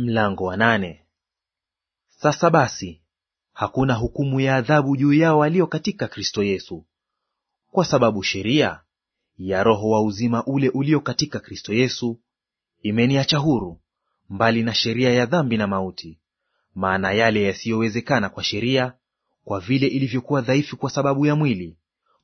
Mlango wa nane. Sasa basi hakuna hukumu ya adhabu juu yao walio katika Kristo Yesu, kwa sababu sheria ya roho wa uzima ule ulio katika Kristo Yesu imeniacha huru mbali na sheria ya dhambi na mauti. Maana yale yasiyowezekana kwa sheria, kwa vile ilivyokuwa dhaifu kwa sababu ya mwili,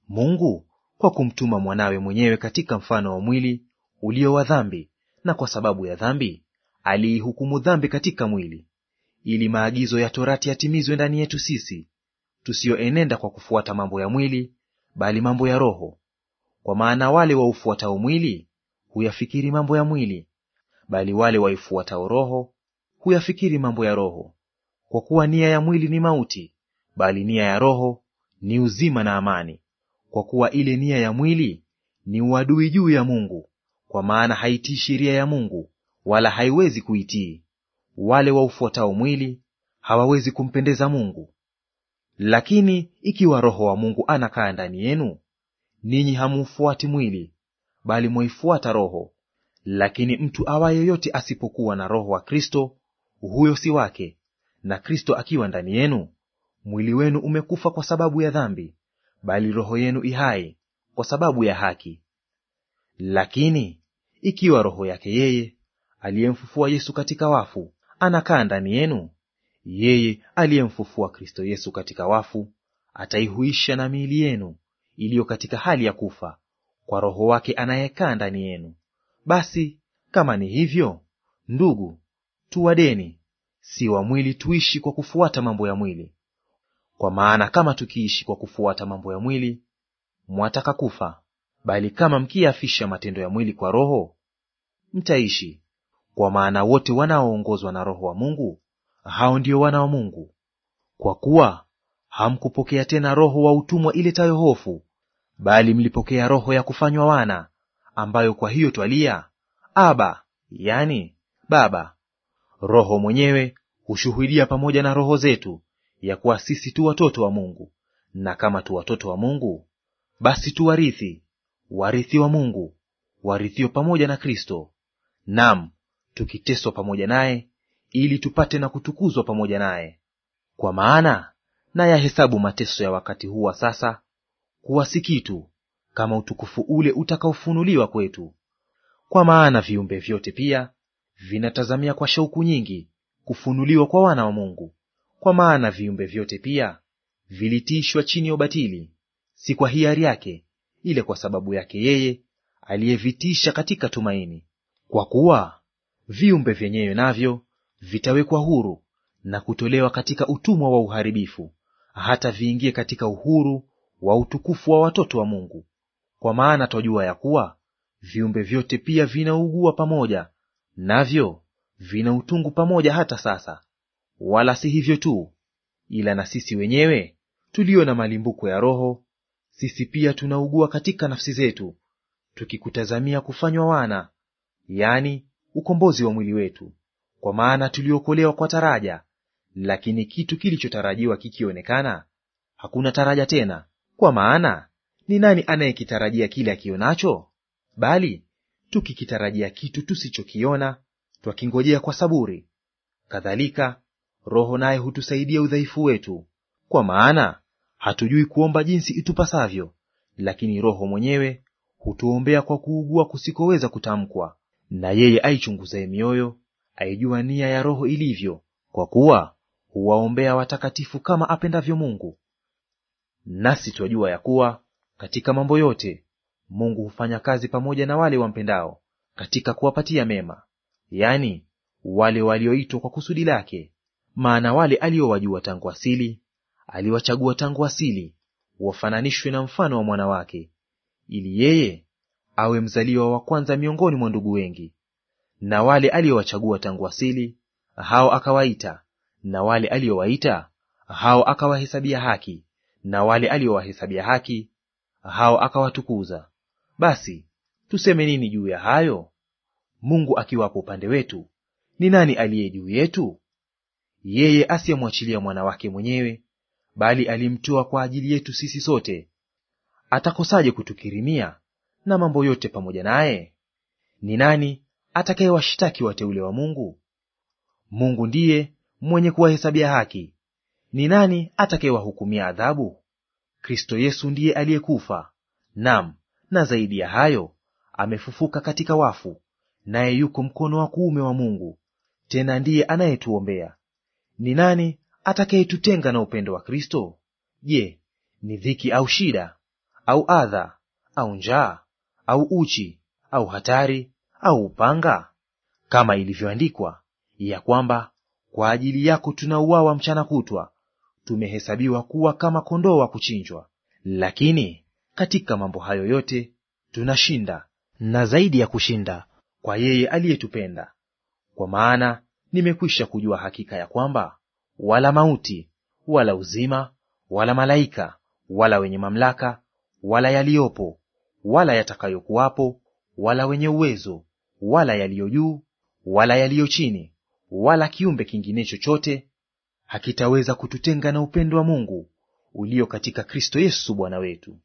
Mungu kwa kumtuma mwanawe mwenyewe katika mfano wa mwili ulio wa dhambi, na kwa sababu ya dhambi aliihukumu dhambi katika mwili, ili maagizo ya torati yatimizwe ndani yetu sisi, tusiyoenenda kwa kufuata mambo ya mwili, bali mambo ya Roho. Kwa maana wale waufuatao mwili huyafikiri mambo ya mwili, bali wale waifuatao Roho huyafikiri mambo ya Roho. Kwa kuwa nia ya mwili ni mauti, bali nia ya Roho ni uzima na amani. Kwa kuwa ile nia ya mwili ni uadui juu ya Mungu, kwa maana haitii sheria ya Mungu, wala haiwezi kuitii. Wale waufuatao mwili hawawezi kumpendeza Mungu. Lakini ikiwa Roho wa Mungu anakaa ndani yenu, ninyi hamuufuati mwili, bali mwaifuata Roho. Lakini mtu awa yoyote asipokuwa na Roho wa Kristo, huyo si wake. Na Kristo akiwa ndani yenu, mwili wenu umekufa kwa sababu ya dhambi, bali roho yenu ihai kwa sababu ya haki. Lakini ikiwa roho yake yeye aliyemfufua Yesu katika wafu anakaa ndani yenu, yeye aliyemfufua Kristo Yesu katika wafu ataihuisha na miili yenu iliyo katika hali ya kufa kwa Roho wake anayekaa ndani yenu. Basi kama ni hivyo, ndugu, tuwadeni, si wa mwili tuishi kwa kufuata mambo ya mwili. Kwa maana kama tukiishi kwa kufuata mambo ya mwili, mwataka kufa; bali kama mkiafisha matendo ya mwili kwa Roho, mtaishi. Kwa maana wote wanaoongozwa na Roho wa Mungu, hao ndio wana wa Mungu. Kwa kuwa hamkupokea tena roho wa utumwa iletayo hofu, bali mlipokea roho ya kufanywa wana, ambayo kwa hiyo twalia Aba, yani Baba. Roho mwenyewe hushuhudia pamoja na roho zetu ya kuwa sisi tu watoto wa Mungu, na kama tu watoto wa Mungu, basi tu warithi, warithi wa Mungu, warithio pamoja na Kristo, nam tukiteswa pamoja naye, ili tupate na kutukuzwa pamoja naye. Kwa maana nayahesabu mateso ya wakati huu wa sasa kuwa si kitu, kama utukufu ule utakaofunuliwa kwetu. Kwa maana viumbe vyote pia vinatazamia kwa shauku nyingi kufunuliwa kwa wana wa Mungu. Kwa maana viumbe vyote pia vilitiishwa chini ya ubatili, si kwa hiari yake, ile kwa sababu yake yeye aliyevitiisha katika tumaini. Kwa kuwa viumbe vyenyewe navyo vitawekwa huru na kutolewa katika utumwa wa uharibifu, hata viingie katika uhuru wa utukufu wa watoto wa Mungu. Kwa maana twajua ya kuwa viumbe vyote pia vinaugua pamoja, navyo vina utungu pamoja hata sasa. Wala si hivyo tu, ila na sisi wenyewe tulio na malimbuko ya Roho, sisi pia tunaugua katika nafsi zetu, tukikutazamia kufanywa wana, yani ukombozi wa mwili wetu, kwa maana tuliokolewa kwa taraja. Lakini kitu kilichotarajiwa kikionekana, hakuna taraja tena. Kwa maana ni nani anayekitarajia kile akionacho? Bali tukikitarajia kitu tusichokiona, twakingojea kwa saburi. Kadhalika Roho naye hutusaidia udhaifu wetu, kwa maana hatujui kuomba jinsi itupasavyo, lakini Roho mwenyewe hutuombea kwa kuugua kusikoweza kutamkwa na yeye aichunguzaye mioyo aijua nia ya Roho ilivyo, kwa kuwa huwaombea watakatifu kama apendavyo Mungu. Nasi twajua ya kuwa katika mambo yote Mungu hufanya kazi pamoja na wale wampendao katika kuwapatia mema, yani wale walioitwa kwa kusudi lake. Maana wale aliowajua tangu asili aliwachagua tangu asili, wafananishwe na mfano wa mwana wake, ili yeye awe mzaliwa wa kwanza miongoni mwa ndugu wengi. Na wale aliyowachagua tangu asili, hao akawaita; na wale aliyowaita, hao akawahesabia haki; na wale aliyowahesabia haki, hao akawatukuza. Basi tuseme nini juu ya hayo? Mungu akiwapo upande wetu, ni nani aliye juu yetu? Yeye asiyemwachilia mwana wake mwenyewe, bali alimtoa kwa ajili yetu sisi sote, atakosaje kutukirimia na mambo yote pamoja naye? Ni nani atakayewashitaki wateule wa Mungu? Mungu ndiye mwenye kuwahesabia haki. Ni nani atakayewahukumia adhabu? Kristo Yesu ndiye aliyekufa, nam na zaidi ya hayo amefufuka katika wafu, naye yuko mkono wa kuume wa Mungu, tena ndiye anayetuombea. Ni nani atakayetutenga na upendo wa Kristo? Je, ni dhiki au shida au adha au njaa au uchi au hatari au upanga? Kama ilivyoandikwa ya kwamba kwa ajili yako tunauawa mchana kutwa, tumehesabiwa kuwa kama kondoo wa kuchinjwa. Lakini katika mambo hayo yote tunashinda, na zaidi ya kushinda, kwa yeye aliyetupenda. Kwa maana nimekwisha kujua hakika ya kwamba wala mauti wala uzima wala malaika wala wenye mamlaka wala yaliyopo wala yatakayokuwapo, wala wenye uwezo, wala yaliyo juu, wala yaliyo chini, wala kiumbe kingine chochote hakitaweza kututenga na upendo wa Mungu ulio katika Kristo Yesu Bwana wetu.